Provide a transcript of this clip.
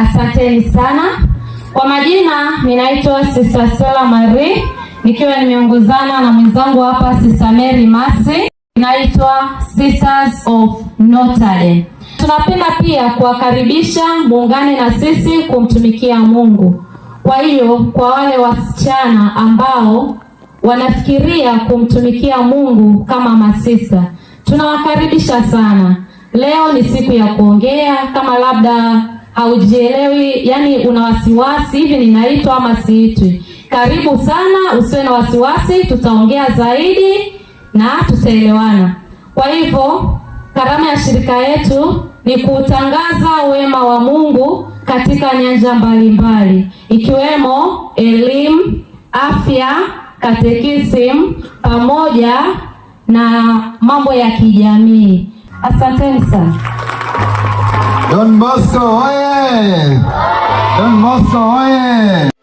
asanteni sana. Kwa majina ninaitwa Sister Stella Marie nikiwa nimeongozana na mwenzangu hapa Sister Mary Masi, inaitwa Sisters of Notre Tunapenda pia kuwakaribisha muungane na sisi kumtumikia Mungu. Kwa hiyo kwa wale wasichana ambao wanafikiria kumtumikia Mungu kama masista, tunawakaribisha sana. Leo ni siku ya kuongea kama labda haujielewi, yani una wasiwasi hivi, ninaitwa ama siitwi. Karibu sana, usiwe na wasiwasi, tutaongea zaidi na tutaelewana. Kwa hivyo karama ya shirika yetu ni kutangaza wema wa Mungu katika nyanja mbalimbali ikiwemo elimu, afya, katekisimu pamoja na mambo ya kijamii. Asanteni sana. Don Bosco, haya. নষ্ট হয়